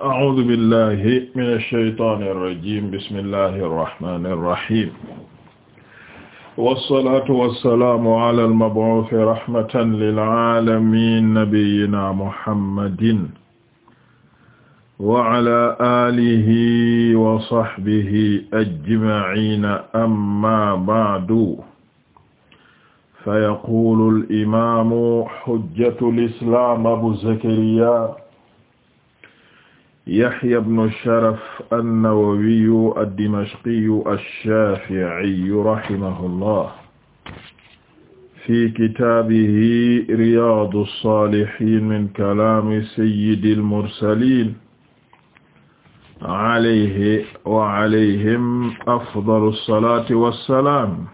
a'uuzu billahi mina shaytaani rajiim bismillahi rahmaani rahiim. wasalaatu wasalaamu ala al-mab'uuthi rahmatan lil aalamiin nabiyyinaa muhammadin. wa ala aalihi wa sahbihi ajma'iina amma ba'du. fa yaquulu al-imaamu hujjatu l-islaam abu zakariyaa Yahya ibnu Sharaf an-Nawawiyu ad-Dimashqiyu ash-Shaafi'iyu rahimahullah fi kitaabihi Riyaadu s-Saalihiin min kalaami sayyidil mursaliin alayhi wa alayhim afdalu s-salaati wa s-salaam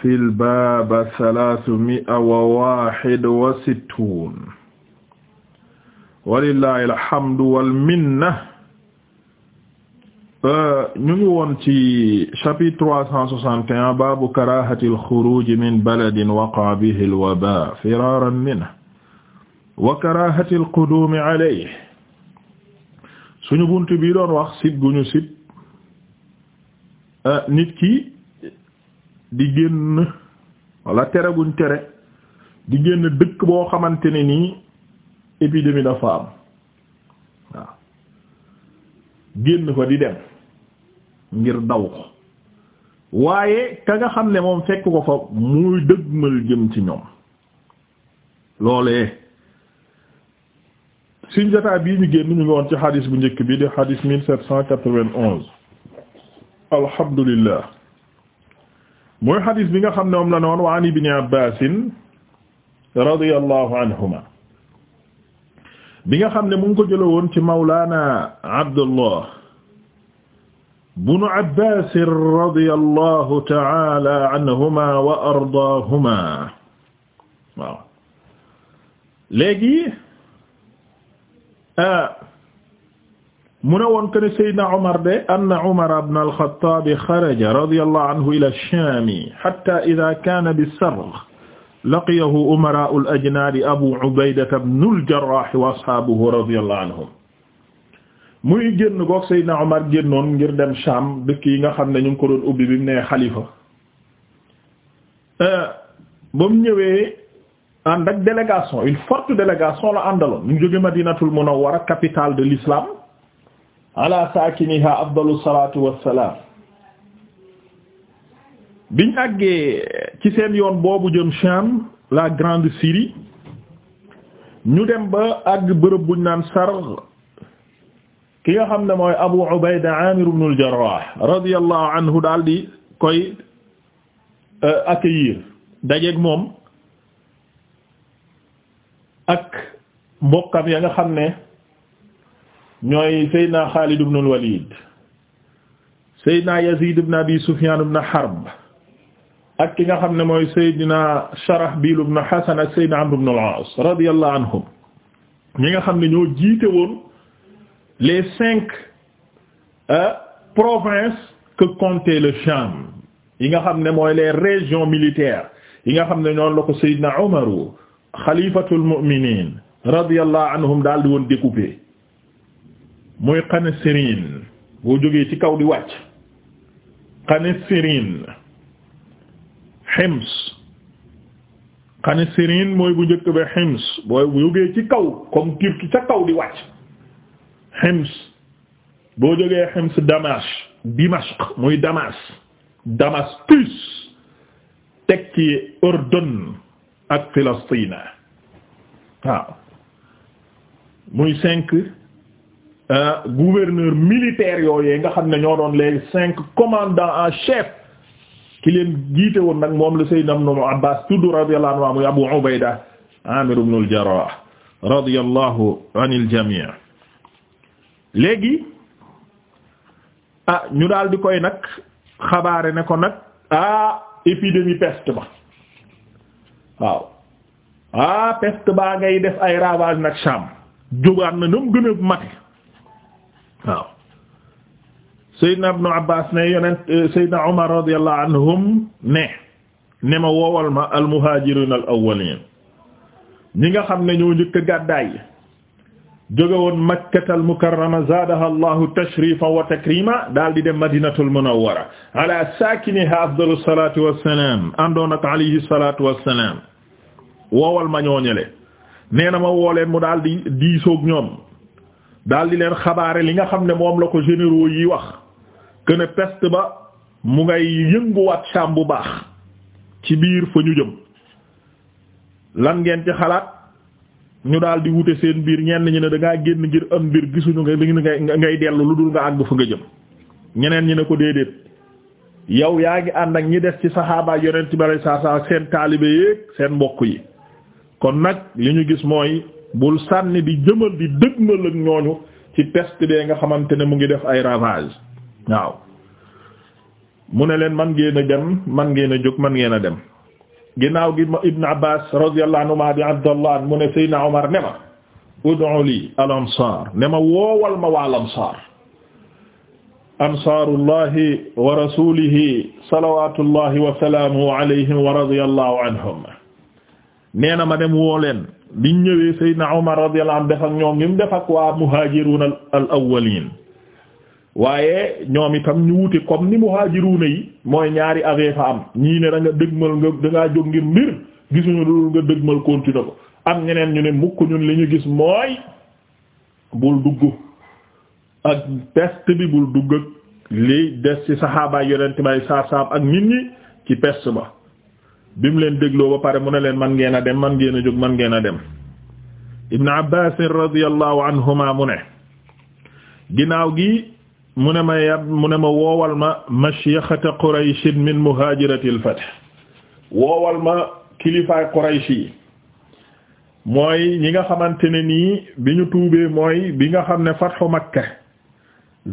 fil baab salaasumi'a wa waahid wa sittuun walillahi alhamdu wal minna euh, ñu ngi woon ci chapitre trois cent soixante et un baabu min baladin waqaa bihi alwaba firaran minhu wa karahati alqudumi alayhi suñu bunt bii doon wax sib guñu sib euh, nit ki wala tere guñ tere di génn dëkk boo xamante ni épidémie dafa am waaw génn fa di dem ngir daw ko waaye ka nga xam ne moom fekk ko fa muy dëgmal jëm ci ñoom loole suñ jotaay bii ñu génn ñu ngi woon ci xadis bu njëkk bi di xadis mille sept cent quatre-vingt-onze alhamdulillah mooy xadis bi nga xam ne moom la noon wa an ibni abbasin radiyallahu anhuma bi nga xam ne mu ngi ko jële woon ci mawlaana abdullah bunu abbaas radiyallahu ta'ala anhuma wa ardaahuma waaw léegi ah, mu ne woon que ne Seydina Omar de anna Omar ibn al-Khattab xaraja radiyallahu anhu ila ash-Shaam hatta idha kaana bi-Sargh laqiyahu umara'u al-ajnaad abu ubaydata ibnu al-jarraah wa ashaabuhu radiyallahu anhum muy génn goog Seydina Omar génnoon ngir dem Sham dëkk yi nga xam ne ñu ngi ko doon ubbi bi mu nee xalifa euh, ba mu ñëwee ànd ak délégation une forte délégation la àndaloon ñu jóge Madinatul Munawwara capitale de l'islam ala saakiniha afdalu salaatu wassalaam biñ àggee ci seen yoon boobu jëm Sham la grande Syrie ñu dem ba àgg bërëb buñ naan sar ki nga xam ne mooy Abu Ubayda Amir ibn al-Jarrah anhu daal di koy euh, accueillir dajeeg moom ak mbokkam ya nga xam ne ñooy Seydina Khalid ibn al-Walid Seydina Yazid ibn Abi Sufyan ibn Harb ak ki nga xam ne mooy Seydina Sharahbil ibn Hasan ak Seydina Amr ibn al-As radiyallahu anhum ñi nga xam ne ñoo jiite woon les cinq euh, provinces que comptait le Sham yi nga xam ne mooy les régions militaires yi nga xam ne ñoo la ko Seydina Umaru xalifatul mu'minin radiyallahu anhum daal di woon découpé muy Qanisrin boo jógee ci kaw di wàcc Qanisrin xims xanisiriin mooy bu njëkk ba xims booy bu ci kaw comme turki ca kaw di wàcc xims boo jógee xims damash dimashq muy damas damaskus teg ci ordon ak filastina waaw muy cinq euh, gouverneur militaire yooyee nga xam ne ñoo doon les cinq commandants en chef ki leen jiite woon nag moom la Sayyidina Ibn Abbas tudd radiyallahu anhu Abu Ubayda Amir ibn al-Jarrah radiyallahu anil léegi ah ñu daal di koy nag xabaare ne ko nag ah épidémie peste ba waaw ah peste baa ngay def ay ravage nag Sham jógaan na ñoom gën mate waaw Seydina Ibnu Abbaas ne yonent eh, Seydina Umar radiyallahu anhum ne ma woowal al-muhaajiriin al-awwaliin ñi nga xam ne ñoo njëkk a gàddaay jóge woon Makkatal Mukarrama zaadaha Allahu tashriifan wa takriiman daal di dem Madinatul Munawwara ala saakinihaa afdalu salaatu wa salaam àndoon ak alayhi salaatu wa salaam woowal ma ñooñale nee na ma woo leen mu daal di diisoog ñoom daal di leen xabaare li nga xam ne moom la ko généraux yi wax. a peste ba mu ngay yënguwaat Sham bu baax ci biir fa ñu jëm lan ngeen ci xalaat ñu daal di wute seen biir ñenn ñi ne dangaa génn ngir am mbir gisuñu nga nga ngay dellu lu dul nga àgg fa nga jëm ñeneen ñi ne ko déedéet yow yaa ngi ànd ak ñi des ci saxaabaay yonent bi alayhi salaam seen taalibe yéeg seen mbokk yi kon nag li ñu gis mooy bul sànni di jëmal di dëgmal ak ñooñu ci peste bee nga xamante ne mu ngi def ay ravage waaw mu ne leen man ngeen a dem man ngeen a jóg man ngeen a dem ginnaaw gi Ibn Abbas radiyallahu anhuma bi Abdallah mu ne Seydina Omar ne ma ud'u li al ne ma woowal ma waa al ansar ansaarullahi wa rasulihi salawatullahi wa salaamuhu alayhim wa radiyallahu anhum nee na ma dem woo leen biñ ñëwee Seydina Omar radiyallahu anhu def ak ñoom ñi mu def ak waa muhajirun al waaye ñoom itam ñu wute comme ni mu muhaajiruuna yi mooy ñaari avee fa am ñii ne da nga dëgmal nga da jóg ngir mbir gisuñu loolu nga dëgmal continuer ko am ñeneen ñu ne mukk ñun li ñu gis mooy bul dugg ak peste bi bul dugg ak li des ci saxaabaay yonent bay saab-saab ak nit ñi ci peste ba bi mu leen dégloo ba pare mu ne leen man ngeen a dem man ngeen a jóg man ngeen a dem ibn abbaas radiyallahu anhuma mu ne ginnaaw gi mu ne ma mu ne ma woowal ma mashyakhata Quraysh min muhajirati al-fath woowal ma kilifaay Quraysh yi mooy ñi nga xamante ne nii bi ñu tuubee mooy bi nga xam ne fathu Makka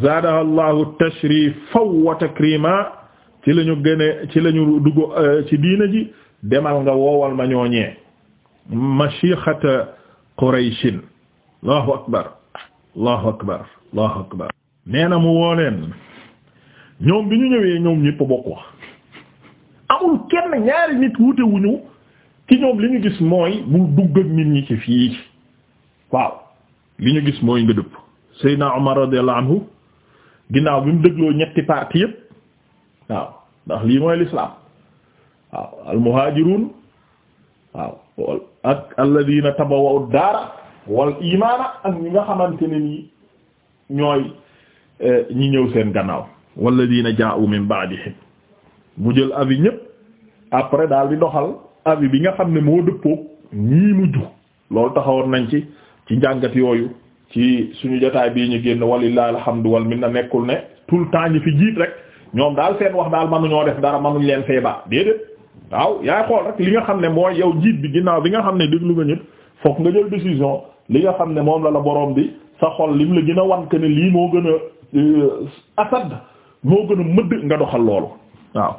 zaadaha Allahu tashrifan wa takrima ci lañu ñu gëne ci lañu ñu dugg euh, ci diina ji demal nga woowal ma ñooñee mashyakhata Quraysh Allahu akbar Allahu akbar Allahu akbar nee na mu woo leen ñoom bi ñu ñëwee ñoom ñépp bokk wax amul kenn ñaari nit wute wuñu ci ñoom li ñu gis mooy bu dugg ak nit ñi ci fii waaw li ñu gis mooy nga dëpp Seydina Omar radiyallahu anhu ginnaaw bi mu dégloo ñetti parti yépp waaw ndax lii mooy lislaam waaw almuhaajiruun waaw ak alladina tabawwa'u daara wal imaana ak ñi nga xamante ne nii ñooy ñi ñëw seen gannaaw walladina jaa'u min ba'dihim mu jël avis ñépp après daal di doxal avis bi nga xam ne moo dëppook ñii mujj loolu taxawoon nañ ci ci njàngat yooyu ci suñu jotaay bii ñu génn walillahi alhamdu wal minna nekkul ne tout le temps ñu fi jiit rek ñoom daal seen wax daal mënuñoo def dara mënuñ leen feebar déedéet waaw yaay xool li nga xam ne mooy yow jiit bi ginnaaw bi nga xam ne déglu nga ñëpp li nga xam ne moom la la borom bi sa xol lim la gën a wan ne lii moo gën a Euh, asad moo gën a mëdd nga doxal loolu waaw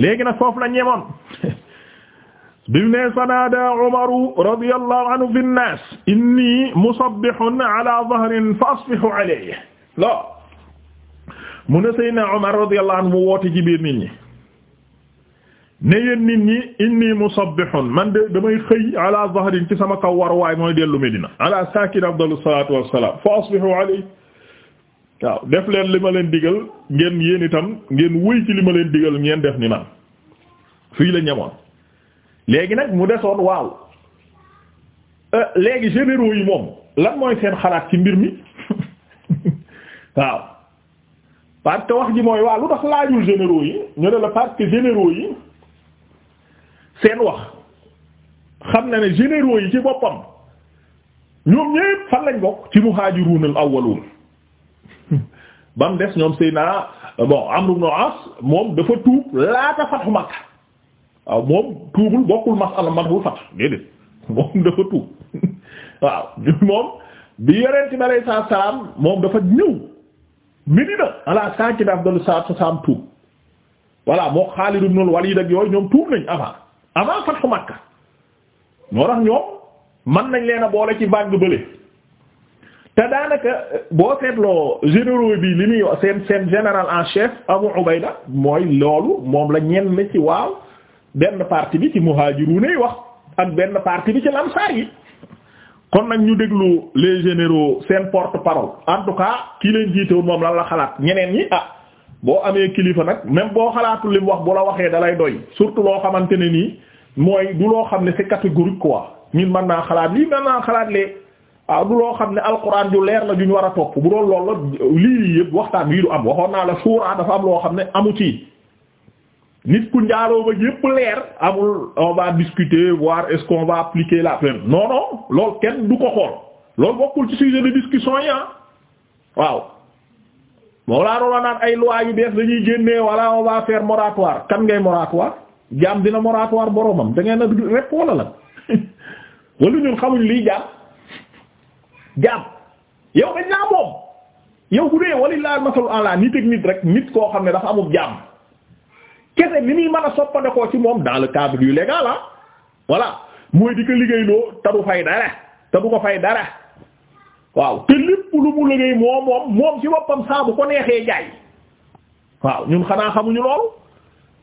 léegi nag foofu la ñemoon bimu ne sanada umaru radiyallahu anhu fi nnaas inni musabbihun ala dhahrin fa asbihu alayhi la mu ne sayna umar radiyallahu anhu mu woote ci biir nit ñi ne yéen nit ñi inni musabbihun man de damay xëy ala dhahrin ci sama kaw war waay mooy dellu Medina ala sakin afdalu salatu wassalam fa asbihu alayhi waaw def leen li ma leen digal ngeen yéen itam ngeen wéy ci li ma leen digal ngeen def ni man fii la ñemoon léegi nag mu desoon waaw euh, léegi généraux yi moom lan mooy seen xalaat ci mbir mi waaw parce que wax ji mooy waaw lu tax laajul généraux yi ñu ne la parce que généraux yi seen wax xam na ne généraux yi ci boppam ñoom ñépp fan lañ bokk ci muhajirun aw awwalun Hmm. ba mu des ñoom Seydina bon Amr ibn As moom dafa tuub laata fatxu Makka waaw moom tuubul bokkul masala madhul fatx déedéet moom dafa tuub waaw moom bi yonent bi salaam moom dafa ñëw Medina ala sanki bi afdalu salaatu salaam tuub moo Xaalid ibn Walid ak yooyu ñoom tuub nañ avant avant fatxu Makka tax ñoom mën nañ leen a boole ci vague bële te daanaka boo seetloo généraux bi li muy seen seen général en chef Abu Ubayda mooy loolu moom la ñenn ci waaw benn partie bi ci muhajiruna yi wax ak benn partie bi ci lamsaar yi kon nag ñu déglu les généraux seen porte-parole en tout cas kii leen jiitoo moom lan la xalaat ñeneen ñi ah boo amee kilifa nag même boo xalaatul li mu wax bu la waxee dalay doy surtout loo xamante ne nii mooy du loo xam ne c'est catégorique quoi ñun mën naa xalaat lii mën naa xalaat lee waaw du loo xam ne alquran yu leer la ju war a topp bu doon loolu la lii yëpp waxtaan bii du am waxoon naa la suuraa dafa am loo xam ne amu ci nit ku njaaloo ba yëpp leer amul on va discuter voir est-ce qu'on appliquer la peine non non loolu kenn du ko xool loolu bokkul ci sujet de discussion yi ah waaw moo laa doon naan ay loi yu bees dañuy génnee wala on va faire moratoire kan ngay moratoire jaam dina moratoire boromam da ngeen a rep wala jaam yow dañ naa moom yow bu dee walillahi masalu ala nit ak nit rek nit koo xam ne dafa amul jaam kese ni muy mën a soppandekoo ci moom dans le cadre du légal ah voilà mooy di ko liggéeyloo te du fay dara te du ko fay dara waaw te lépp lu mu liggéey moom moom moom ci boppam saa ko neexee jaay waaw ñun xanaa xamuñu loolu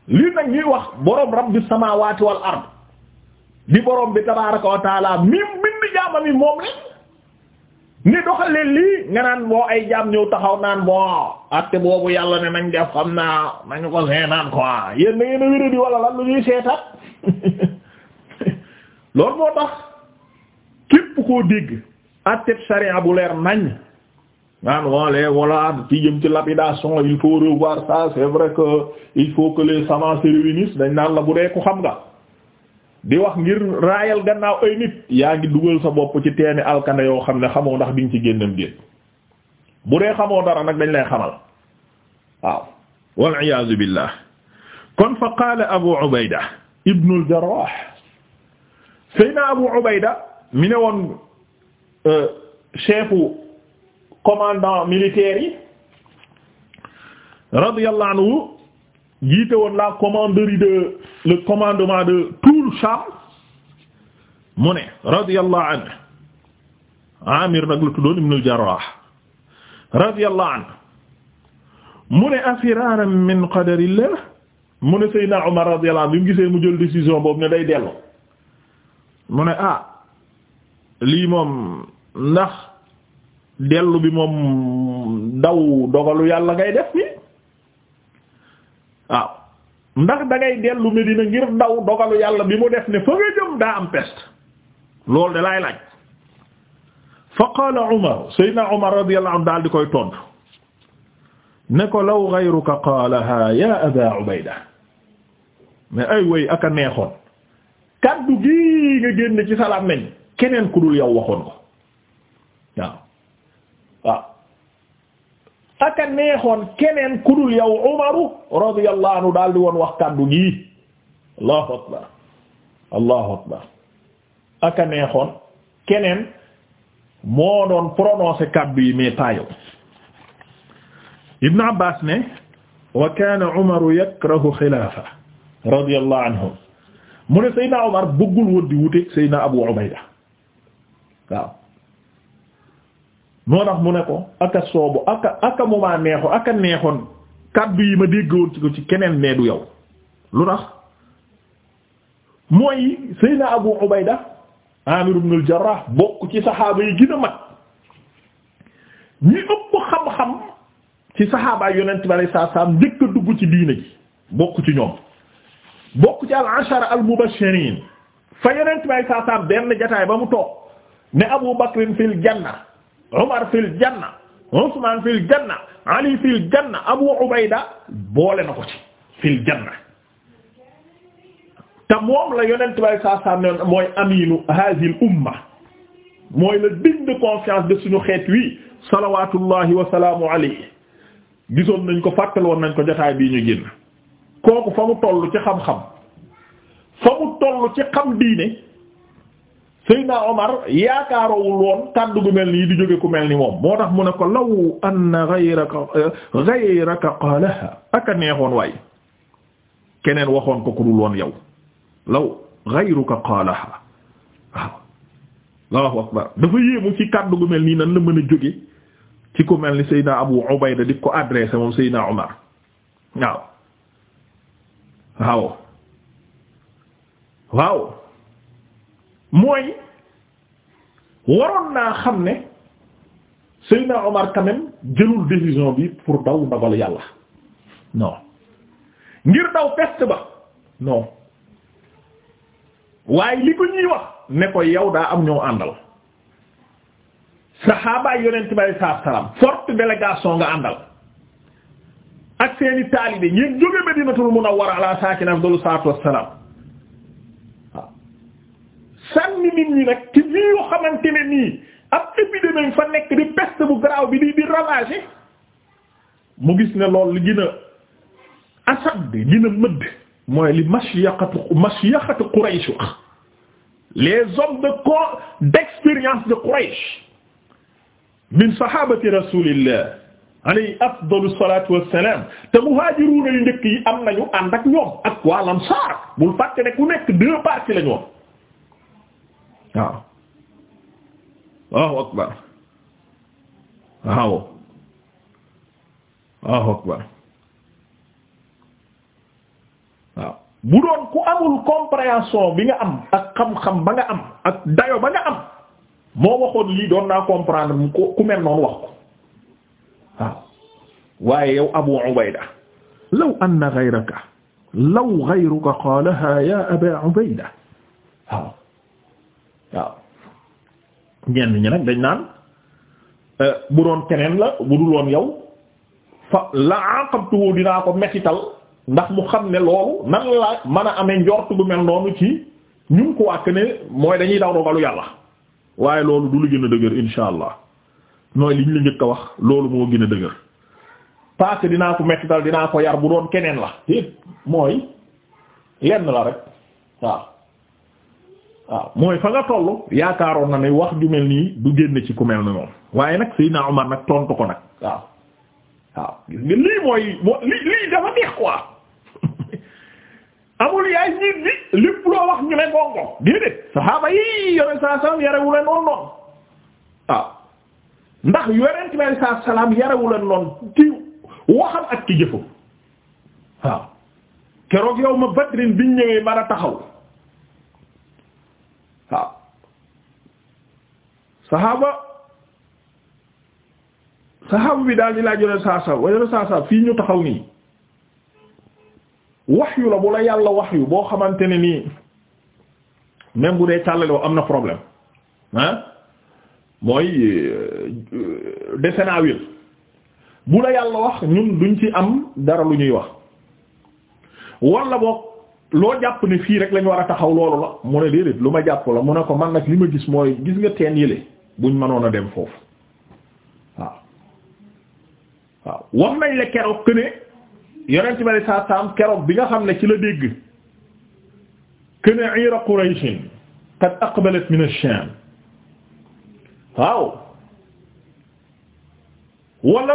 lii nag ñuy wax borom rabbi samawati wal ard di borom bi tabaaraka wa taala mi bind moom la. ni doxalee lii nga naan boo ay jaam ñëw taxaw naan bon acte boobu yàlla ne nañ def xam naa nañu ko seetaan quoi yéen da ngeen a wéradi wala lan lu ñuy seetaat loolu moo tax képp koo dégg acte charia bu leer nañ naan woolee voilà ci jëm ci lapidation il faut revoir ça c'est vrai que il faut que les savants se réunissent dañ naan la bu dee ku xam nga di wax ngir raayal gannaaw ay nit yaa ngi dugal sa bopp ci teeni alkande yoo xam ne xamoo ndax di ci génnam génn bu dee xamoo dara nag dañ lay xamal waaw wal iyaazu billah kon fa qaala abu ubayda ibnu al seyna abu ubayda mi ne woon euh, chefu commandant militaire yi anhu jiite woon la commanderie de le commandement Sham mu ne radiyallahu anhu Amir nag la tuddoon ibn al-Jarrah radiyallahu mu ne afiraaran min qadarillah mu ne Seydina Omar radiyallahu anhu bi mu gisee mu jël décision boobu ne day dellu mu ne ah lii moom ndax dellu bi moom daw dogalu yàlla ngay def nii waaw ndax da ngay dellu Medina ngir ndaw dogalu yàlla bi mu def ne fa nga jëm daa am peste loolu de laay laaj fa qaala Umar Seydina Umar radiyallahu anhu daal di koy tontu ne ko law ghayruka qaalaha ya Aba Ubayda mais ay way aka neexoon kaddu gi nga génn ci salaam nañ keneen ku dul aka neexoon keneen ku dul yow Umaru radiyallahu anhu daal di woon wax kàddu gi allahu akbar allahu akbar aka neexoon keneen moo doon prononcer kàddu yi mais pas yow Ibn Abbas ne wa kana Umaru yakrahu xilaafa radiyallahu anhu mu ne Seydina Umar bëggul woon di wuteeg Seydina moo tax mu ne ko aka soobu aka aka mu maa neexoon aka neexoon kàddu yi ma déggoon ci ko ci keneen nee du yow lu tax mooy Seydina Abu Ubayda Amir ibn jarrah bokk ci saxaaba yi gën a mag ñi ëpp xam-xam ci saxaabaa yonent bi saa njëkk dugg ci diina ji bokk ci ñoom bokk ci al-ashara al-mubashirin fa yonent bi saa benn jataay ba mu toog ne Abu Bakr fil janna Umar fil janna Usman fil janna janna Abu Ubayda boole na ko ci fil janna te moom la yonent bay saa saa ne mooy aminu hadhihi umma mooy la digne confiance de suñu xeet wi salawatullahi wa salaamu alayhi gisoon nañ ko fàttal nañ ko jotaay bii ñu génn kooku fa mu toll ci xam-xam fa mu toll ci xam diine Seydina Omar yaakaaroowul woon kàddu gu mel nii di jóge ku mel ni moom moo tax mu ne ko law anna ghayraka ghayraka qaalaha ak neexoon waay keneen waxoon ko ku dul woon yow law ghayruka qaalaha waaw Allahu akbar dafa yéemu ci kàddu gu mel nii nan la mën a jóge ci ku mel ni Seydina Abu Ubayda di ko adressé moom Seydina Omar waaw waaw waaw mooy waroon naa xam ne Seydina Omar quand même jëlul décision bi pour daw ndogalu yàlla non ngir daw peste ba non waaye li ko ñuy wax ne ko yow daa am ñoo àndal saxaabaay yonent bi alayhi salaatu salaam nga àndal ak seeni taalibe ñeen jóge Madinatul Munawwara ala saakinihaa afdalu salaatu wassalaam sànni nit ñi nag ci xamante ne nii ab épidémie fa nekk di peste bu garaaw bi di di ravager mu gis ne loolu li gën a asad bi gën a mëdd mooy li mashyaqatu mashyaqatu Quraysh wax les hommes de co d'expérience de Quraysh min sahabati rasulillah alayhi afdalu salatu wassalam te muhaajiruuna yu njëkk yi am nañu ànd ak ñoom ak waa Ansaar bul fàtte ne ku nekk deux parties la waaw Allahu akbar waaw Allahu akbar waaw bu doon ku amul compréhension bi nga am ak xam-xam ba nga am ak dayo ba nga am moo waxoon lii doon naa comprendre ku mel noonu wax ko waaw waaye yow Abu Ubayda law anna ghayraka ya Aba Ubayda waaw ñenn ñi nag dañ naan euh, bu doon keneen la bu dul woon yow fa la aqabtuhu dinaa ko mettital ndax mu xam ne loolu nan la mën a amee njort bu mel noonu ci ñu ko wàkk ne mooy dañuy daw dogalu yàlla waaye loolu du lu gën a dëgër insha allah nooy liñ la njëkk a wax loolu moo gën a dëgër parce dinaa ko mettital dinaa ko yar bu doon keneen la téet mooy lenn la rek waaw waaw mooy fa nga toll yaakaaroon na ne wax ju mel nii du génn ci ku mel ni moom waaye nag Seydina Omar nag tontu ko nag waaw waaw gis nga lii mooy li lii dafa neex quoi amul yaay njiit bi lépp loo wax ñu ne gongo déedéet saxaaba yi yore saa salaam yarewuleen noonu noonu waaw ndax yorent bi saa salaam yarewuleen noonu ci waxam ak ci jëfam waaw keroog yow ma Badrin biñ ñëwee mara taxaw waaw saxaaba saxaaba bi daal di laa yoneen saa saa yoneen saa fii ñu taxaw nii waxyu la bu la yàlla waxyu boo xamante ne nii même bu dee càllale woo am na problème ah mooy euh, desenaawil bu la yàlla wax ñun duñ ci am dara lu ñuy wax walla boog loo jàpp ne fii rek lañu war a taxaw loolu la mu ne déedéet lu ma jàpp la mu ne ko man nag li ma gis mooy gis nga teen yële buñ mënoon a dem foofu waaw wax nañ la keroog que ne yonent bi sallallahu keroog bi nga xam ne ci la dégg que ne iira Qurayshin qad aqbalat min ash-Sham waaw wala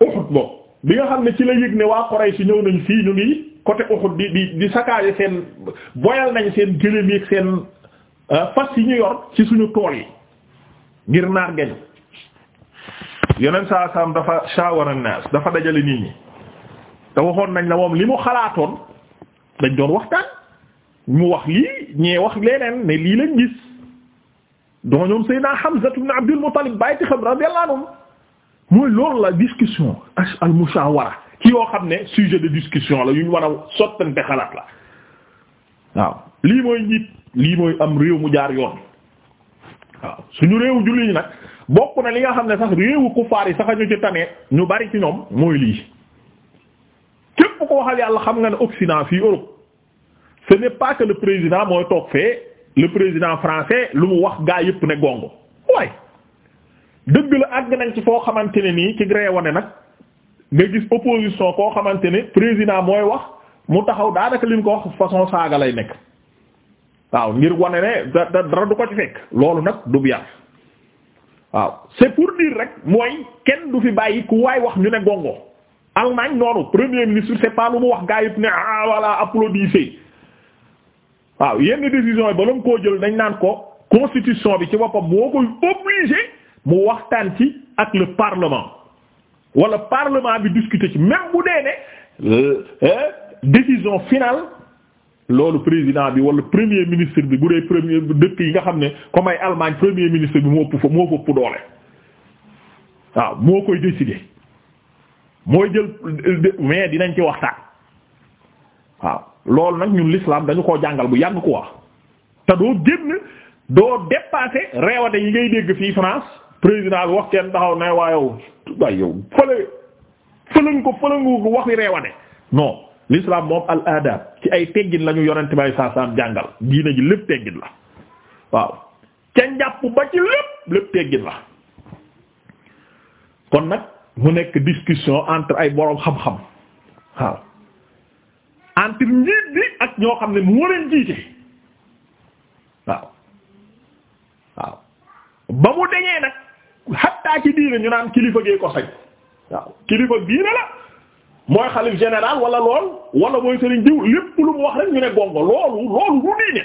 Uhud boobu bi nga xam ne ci la yég ne waa Quraysh ñëw nañ fii ñu ngi. côté Uhud di di di sakaaje seen boyal nañ seen gëléem yi seen euh, fas yi ñu yor ci suñu tool yi ngir naar gañu yeneen saa saam dafa shawara naas dafa dajale nit ñi te waxoon nañ la moom li mu xalaatoon dañ doon waxtaan mu wax lii ñee wax leneen ne lii lañ gis doo ñoom Seydina Hamza ibn Abdul Muttalib bàyyi ci xam radiyallahu anhu mooy loolu la discussion al mushawara ci yoo xam ne sujet de discussion la yu ñu war a sottante xalaat la waaw lii mooy njiit lii mooy am réew mu jaar yoon waaw suñu réew julli yi nag bokk na li nga xam ne sax réewu kufaar yi sax ñu ci tane ñu bari ci ñoom mooy lii képp ko waxal yàlla xam nga ne Occident fii Europe ce n'est pas que le président mooy toog fee le président français lu mu wax gaa yépp ne gongo waaye dëgg la àgg nañ ci foo xamante ne nii ci gré wane nag nga gis opposition koo xamante ne président mooy wax mu taxaw daanaka li ñu ko wax façon saaga lay nekk waaw ngir wane ne da dara du ko ci fekk loolu nag du biyar waaw c'est pour dire rek mooy kenn du fi bàyyi ku waay wax ñu ne gongo Allemagne noonu premier ministre c'est pas lu mu wax gaa yëpp ne ah voilà applaudissez waaw yenn décision yi bala mu koo jël dañ naan ko constitution bi ci boppam moo koy obligé mu waxtaan ci ak le parlement. wala parlement bi discuter ci même bu dee ne euh, euh, décision finale loolu président bi wala premier ministre bi bu dee premier dëkk yi nga xam ne comme ay Allemagne premier ministre bi moo ëpp fa moo ëpp doole waaw moo koy décider mooy jël mais dinañ ci waxtaan waaw loolu nag ñun l'islam dañu koo jàngal bu yàgg ko quoi te doo génn doo dépasser réewate yi ngay dégg fii France président bi wax kenn taxaw ne waayow waaye yow fële fële ko fële nga ko waxi reewane non l'islam moom al adab ci ay teggin lañu ñu yonent bay saa saam jàngal diina ji lépp teggin la waaw ca njàpp ba ci lépp lépp teggin la kon nag mu nekk discussion entre ay boroom xam-xam waaw entre njiit bi ak ñoo xam ne moo leen jiite waaw waaw ba mu deñee nag xattaa ci diine ñu naan kilifa gee ko sañ waaw kilifa diine la mooy xalif général wala lool wala mooy sëriñ diw lépp lu mu wax rek ñu ne gongo loolu loolu du diine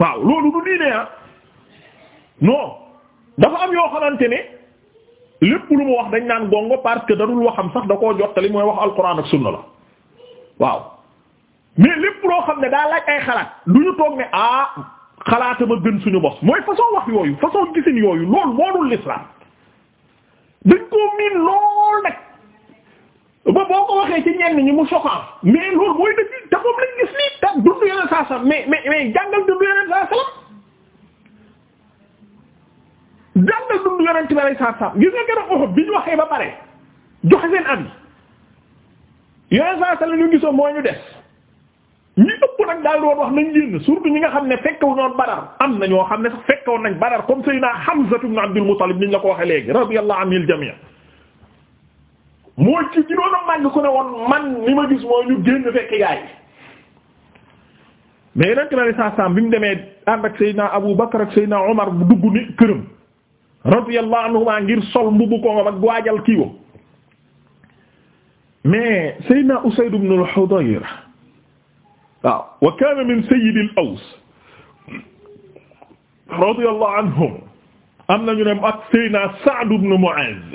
waaw loolu du diine ah non dafa am yoo xamante ne lépp lu mu wax dañ naan gongo parce que darul waxam sax da koo jottali mooy wax alquran ak sunna la waaw mais lépp loo xam ne daa laaj ay xalaat du ñu toog ne ah. xalaata ba gën suñu bos mooy façon wax yooyu façon gisin yooyu loolu moodul l'islam dañ koo miin lool nag ba boo ko waxee ci ñenn ñi mu soxal mais loolu mooy dëgg te moom lañ gis nii te dund yeneen saa salam mais mais mais jàngal dund yeneen saa salam jàngal dund yeneen tibere saa gis nga keroog oxo bi ñu waxee ba pare joxe seen avis yeneen saa salam ñu gisoon moo ñu des ñi ëpp nag daal doon wax nañ génn surtout ñi nga xam ne fekkewu ñoon badar am na ñoo xam ne sax fekkewoon nañ badar comme Seydina Hamza ibn Abdul Muttalib niñ la ko waxee léegi radiyallahu anil jami' mooy ci ginoon a màgg ku ne woon man li ma gis mooy ñu génn fekk yaay mais yeneen na li saasaam bi mu demee ànd ak Seydina Abu Bakar ak Seydina Omar bu dugg ni këram radiyallahu anhuma ngir sol mbubu ko nga ak waajal kiiwam mais Seydina Usayd ibn al-Hudayr waaw wa kaana min sayyidil aws radiyallahu anhum am nañu ne ak Seydina Sa'd ibn Mu'adh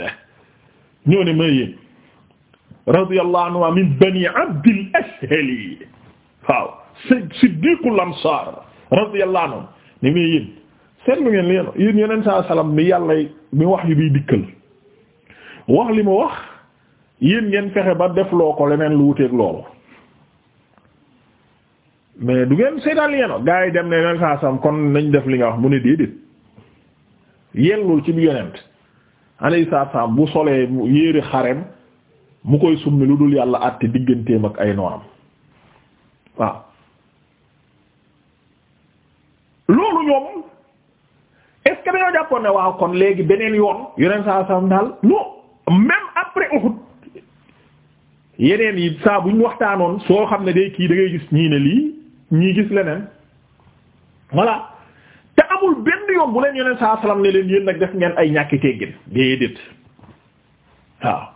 ñoo ne ma yéen radiyallahu anhu min bani Abdil Ashhali waaw Siddiqul Ansar radiyallahu anhu ne ma yéen seetlu ngeen leen yéen yeneen saa salaam mi yàlla mi wax yu biy dikkal wax li mu wax yéen ngeen fexe ba defloo ko leneen lu wuteeg loolu mais du ngeen seetaan li yeno gaa yi dem ne leen saa sam kon nañ def li nga wax mu ne déedéet yellul ci bi yonent alayhi salaam bu solee yéere xarem mu koy summi lu dul yàlla àtte digganteem ak ay noonam waaw loolu ñoom est dañoo jàppoon ne waaw kon léegi beneen yoon yeneen saa sam daal non même après Uhud yeneen yi saa bu ñu waxtaanoon soo xam ne day kii dangay gis ñiine lii ñii gis leneen voilà te amul benn yoon bu leen yoneen saa salaam ne leen yéen nag def ngeen ay ñàkki teggin déedéet waaw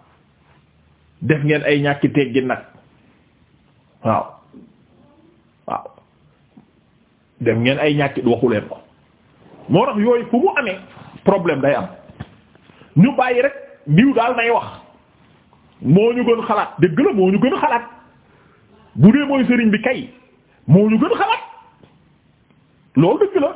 def ngeen ay ñàkki teggin nag waaw waaw def ngeen ay ñàkki waxu leen ko moo tax yooyu fu mu amee problème day am ñu bàyyi rek diw daal nay wax moo ñu gën xalaat dëgg la moo ñu gën xalaat bu dee mooy sëriñ bi kay moo ñu gën xalaat loolu dëgg la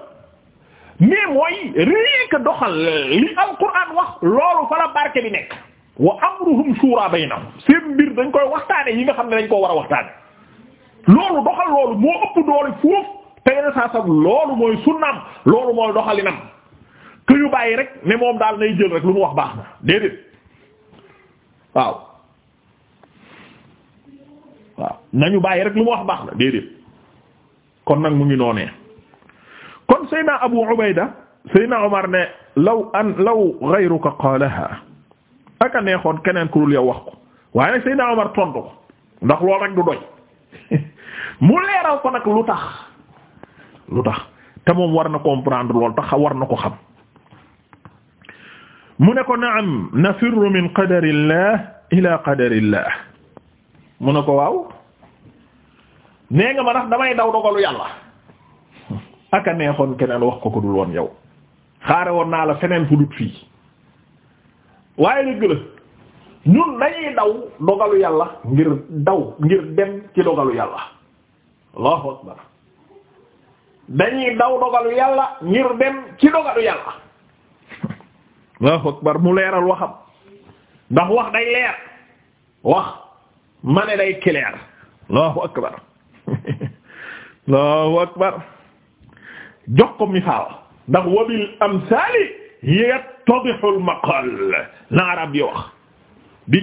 mais mooy rien doxal li alquran wax loolu fa la barke bi nekk wa amruhum shura baynahum seen mbir dañ koy waxtaane yi nga xam ne dañ koo war a waxtaane loolu doxal loolu moo ëpp doole foofu te yeneen saa sax loolu mooy sunnaam loolu mooy doxalinam que ñu bàyyi rek ne moom daal nay jël rek lu mu wax baax na déedéet waaw waaw nañu bàyyi rek lu mu wax baax na déedéet kon nag mu ngi noonee kon Seydina Abu Ubayda Seydina Omar ne law an law ghayruka qaalaha aka neexoon keneen ku dul yow wax ko waaye nag Seydina tontu ko ndax loolu rek du doy mu leeral ko nag lu tax lu tax te moom war na comprendre loolu tax war na ko xam mu ne ko naam nafirru min qadarillah ila qadarillah mu ne ko waaw nee nga ma ndax damay daw dogalu yàlla aka neexoon keneen wax ko ko dul woon yow xaare woon naa la feneen fu dut fii waaye dëgg la ñun dañuy daw dogalu yàlla ngir daw ngir dem ci dogalu yàlla allahu akbar dañuy mu leeral waxam ndax wax day leer wax ma ne day clair allahu akbar Allahu akbar jox ko misaal ndax wabil amsaali yattadihu al maqal la arab yi wax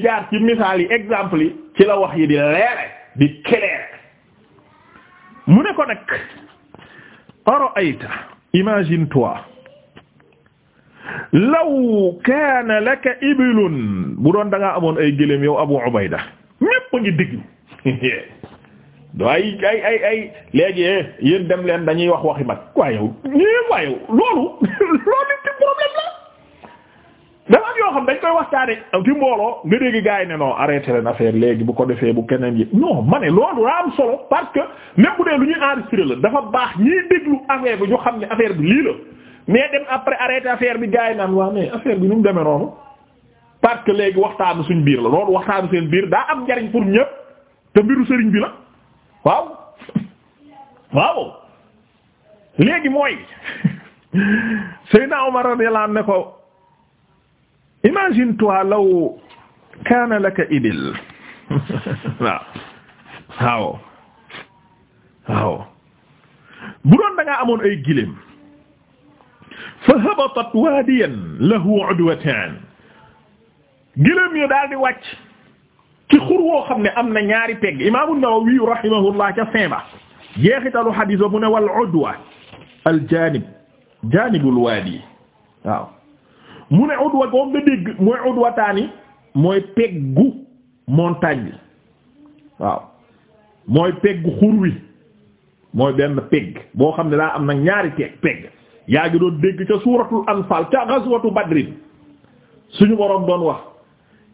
jaar ci misaal yi exemple yi wax yi di leere di clair mu ne ko nag ara'ayta imagine toi law kaana laka iblun bu doon daga ngaa amoon ay gëléem yow Abu Ubayda ñépp a ngi ay ay ay ay léegi eh, yéen dem leen dañuy wax waxi mag waaye yow eh, waaye yow loolu loolu ci problème la dafa am yoo xam dañ koy waxtaane ci mbooloo nga dégg gars yi ne non arrêté leen affaire léegi bu ko defee bu keneen yi non ma ne loolu daa am solo parce que même bu dee lu ñuy enregistré la dafa baax ñiy déglu affaire bi ñu xam ne affaire bi lii la mais dem après arrêté affaire bi gars yi naan waa mais affaire bi nu mu demee noonu parce que léegi waxtaanu suñ biir la loolu waxtaanu seen biir daa am njariñ pour ñëpp te mbiru sëriñ bi la. waaw waaw léegi mooy Seydina Umar radiyallahu anhu ne ko imagine toi law kaana laka ibil waaw amoon ay giléem fa habatat waadiyan lahu udwatan giléem yi daal di wàcc ci xur woo xam ne am na ñaari pegg imaamu Nawawi rahimahullah ca fin ba jeexitalu xadiis ba mu ne wal udwa al janib janibul waadi waaw mu ne udwa goom nga dégg mooy udwa mooy peggu montagne bi waaw mooy peggu xur wi mooy benn pegg boo xam ne daa am na ñaari pegg pegg yaa ngi doon dégg ca suuratul anfaal ca ghazwatu badrin suñu boroom doon wax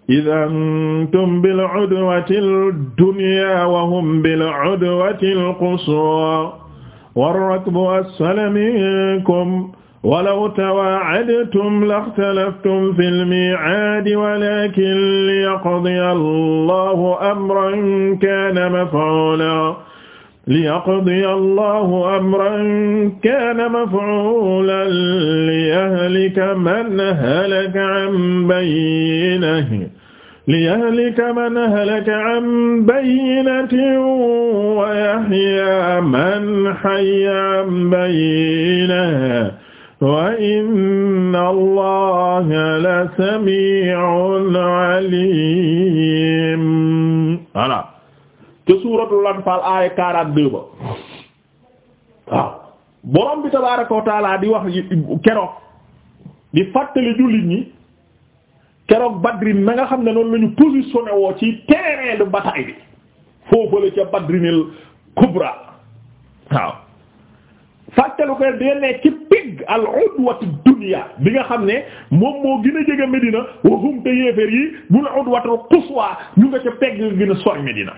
id antum biludwati ldunya wa hum biludwati lquswa walrakbu asfala minkum walaw tawaacadtum laxtalaftum fi lmiicaadi walakin liyaqdiya allahu amran kaana mafcuula liyaqdiya allahu amran kaana mafcuulan liyahlika man halaka can bayyinatin liyahlika man ahlaka an bayyinatin wa yahya man hayya an bayyinatin wa inna allaha la sami'un alim voilà te suuratul Anfaal aaya 42 ba waaw borom bi tabaaraka wa taala di wax keroog di fàttali jullit ñi keroog badrin na nga xam ne noonu lañu ñu positionné woo ci terrain de bataille bi foofale ca badrinil kubra waaw fàttalu ko dee ne ci al udwatu dunya bi nga xam ne moom moo gën a jege Medina waxum te yéeféer yi bul udwatul quswa ñu nga ca pegg gën a sori Medina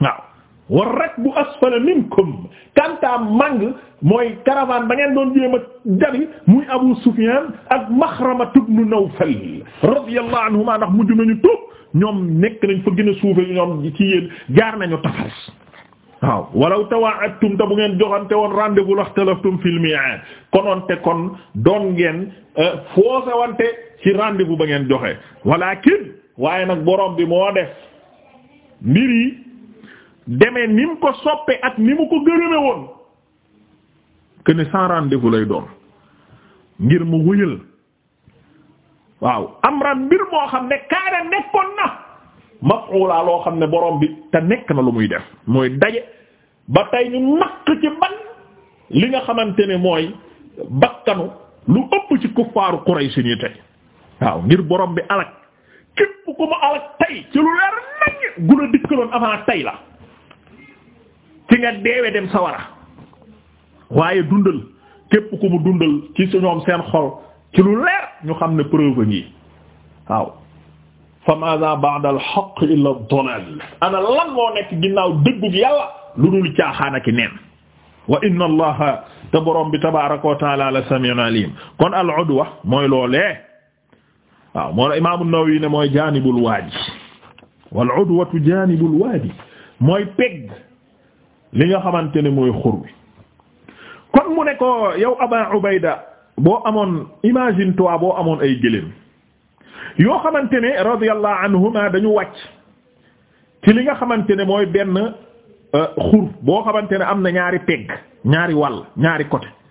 waaw war rek bu asfala minkum kanta mang mooy caravane ba ngeen doon jéem a jabi muy Abu Sufyan ak Maxrama ibn Nawfal radiyallahu anhuma ndax mujj nañu tuub ñoom nekk nañ fa gën a suufe ñoom ci yéen jaar nañu tafas waaw walaw tawa'adtum te bu ngeen joxante woon rendez-vous laxtalaftum fil mi'ad konoon te kon doon ngeen euh, foose wante ci rendez ba ngeen joxe walakin waaye nag borom bi moo def mbir demee ni mu ko soppee at ni mu ko gërëme woon que ne sans rendez lay doon ngir mu wuyal waaw amran mbir moo xam ne kaara nekkoon na maf'ula loo xam ne borom bi te nekk na lu muy def mooy daje ba tey ñu nakk ci ban li nga xamante ne mooy bakkanu lu ëpp ci kuffaaru Quraysh ni tey waaw ngir borom bi alak képp ku mu alak tey ci lu leer nañ gula dikkaloon avant tey la ci nga deewe dem sawara waaye dundal képp ku mu dundal ci su ñoom seen xol ci lu leer ñu xam ne preuve ngi waaw fa maada ba'da al ana lan ginnaaw dëggug yàlla lu dul caaxaan ak neen wa inna allaha bi tabaaraka wa ta'ala la sami'un alim kon al-udwa mooy loolee waaw moo imaamu ne mooy jaanibul waadi wal-udwatu jaanibul waadi mooy pegg li nga xamante ne mooy xur wi kon mu ne ko yow Aba Ubayda boo amoon imagine toit boo amoon ay gëléem yoo xamante ne radiyallahu anhuma dañu wàcc ci li nga xamante ne mooy benn euh, xur boo xamante ne am na ñaari pegg ñaari wàll ñaari côté